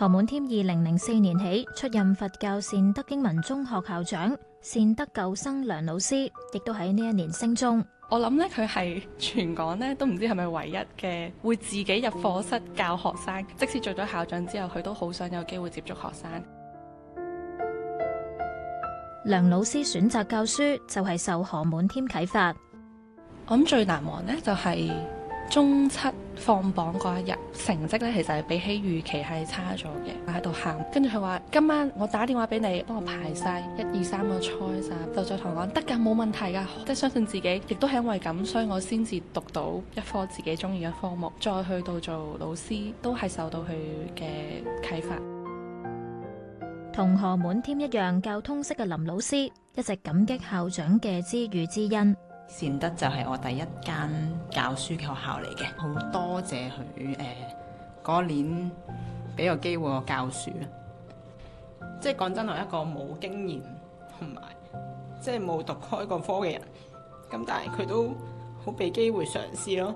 何滿添二零零四年起出任佛教善德英文中學校長，善德舊生梁老師亦都喺呢一年升中。我諗咧，佢係全港咧都唔知係咪唯一嘅會自己入課室教學生，即使做咗校長之後，佢都好想有機會接觸學生。梁老師選擇教書就係受何滿添啟發。我諗最難忘呢就係。中七放榜嗰一日，成績咧其實係比起預期係差咗嘅，我喺度喊。跟住佢話：今晚我打電話俾你，幫我排晒一二三個 choice。講：得㗎，冇問題㗎，即係相信自己。亦都係因為咁，所以我先至讀到一科自己中意嘅科目，再去到做老師，都係受到佢嘅啟發。同何滿添一樣教通識嘅林老師，一直感激校長嘅知遇之恩。善德就係我第一間教書嘅學校嚟嘅，好多謝佢誒，嗰年俾個機會我教書啊，即係講真係一個冇經驗同埋，即係冇讀開過科嘅人，咁但係佢都好俾機會嘗試咯。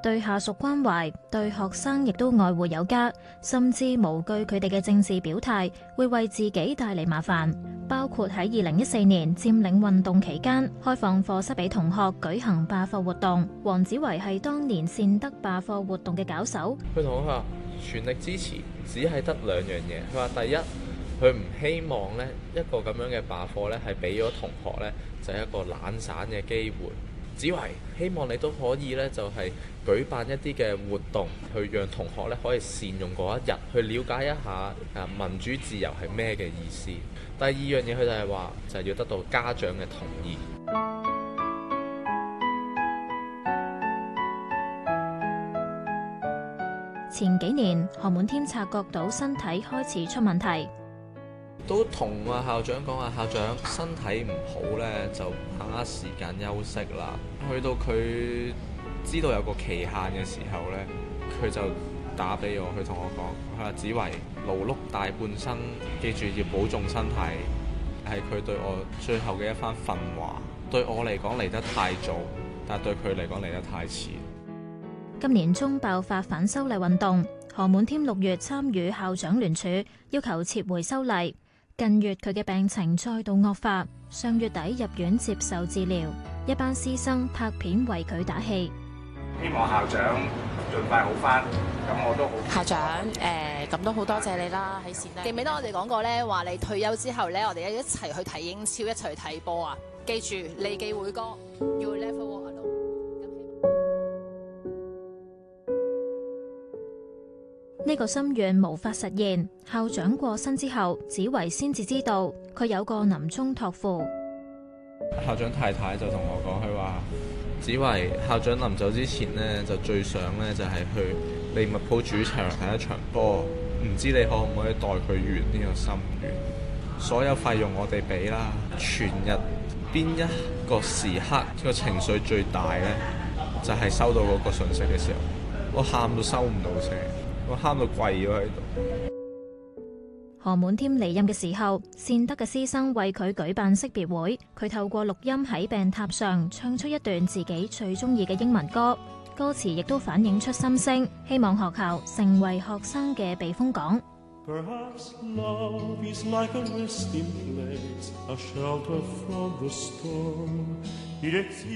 對下屬關懷，對學生亦都愛護有加，甚至無懼佢哋嘅政治表態，會為自己帶嚟麻煩。包括喺二零一四年佔領運動期間，開放課室俾同學舉行罷課活動。黃子維係當年善德罷課活動嘅搞手。佢同我佢話全力支持，只係得兩樣嘢。佢話第一，佢唔希望咧一個咁樣嘅罷課咧係俾咗同學咧就係一個懶散嘅機會。只為希望你都可以咧，就係舉辦一啲嘅活動，去讓同學咧可以善用嗰一日，去了解一下民主自由係咩嘅意思。第二樣嘢，佢就係話，就係、是、要得到家長嘅同意。前幾年，何滿添察覺到身體開始出問題。都同阿校長講，阿校長身體唔好呢，就把握時間休息啦。去到佢知道有個期限嘅時候呢，佢就打俾我，佢同我講：佢話子為勞碌大半生，記住要保重身體。係佢對我最後嘅一番訓話，對我嚟講嚟得太早，但對佢嚟講嚟得太遲。今年中爆發反修例運動，何滿添六月參與校長聯署，要求撤回修例。近月佢嘅病情再度惡化，上月底入院接受治療。一班師生拍片為佢打氣，希望校長盡快好返。咁我都好校長，誒，咁都好多謝你啦，喺線啦。記唔記得我哋講過咧，話你退休之後咧，我哋一齊去睇英超，一齊去睇波啊！記住，利記會歌。呢個心願無法實現。校長過身之後，子維先至知道佢有個臨終託付。校長太太就同我講，佢話子維校長臨走之前呢，就最想呢，就係去利物浦主場睇一場波。唔知你可唔可以代佢圓呢個心願？所有費用我哋俾啦。全日邊一個時刻個情緒最大呢，就係收到嗰個信息嘅時候，我喊都收唔到聲。我喊到跪咗喺度。何滿添離任嘅時候，善德嘅師生為佢舉辦識別會。佢透過錄音喺病榻上唱出一段自己最鍾意嘅英文歌，歌詞亦都反映出心聲，希望學校成為學生嘅避風港。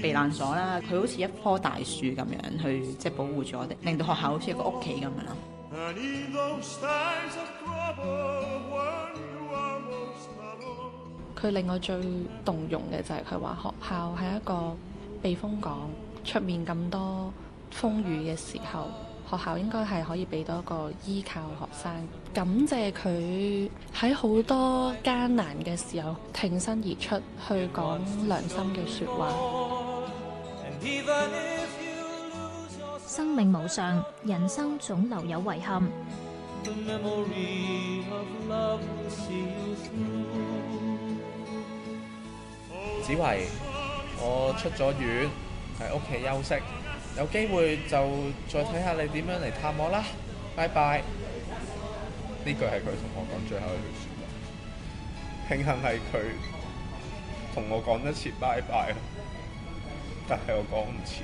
避難所啦，佢好似一棵大樹咁樣去，即係保護住我哋，令到學校好似一個屋企咁樣啦。佢令我最動容嘅就係佢話學校係一個避風港，出面咁多風雨嘅時候，學校應該係可以俾到一個依靠學生。感謝佢喺好多艱難嘅時候挺身而出，去講良心嘅說話。生命無常，人生總留有遺憾。子維，我出咗院喺屋企休息，有機會就再睇下你點樣嚟探我啦。拜拜。呢句係佢同我講最後一句說話。慶幸係佢同我講一次拜拜，但係我講唔切。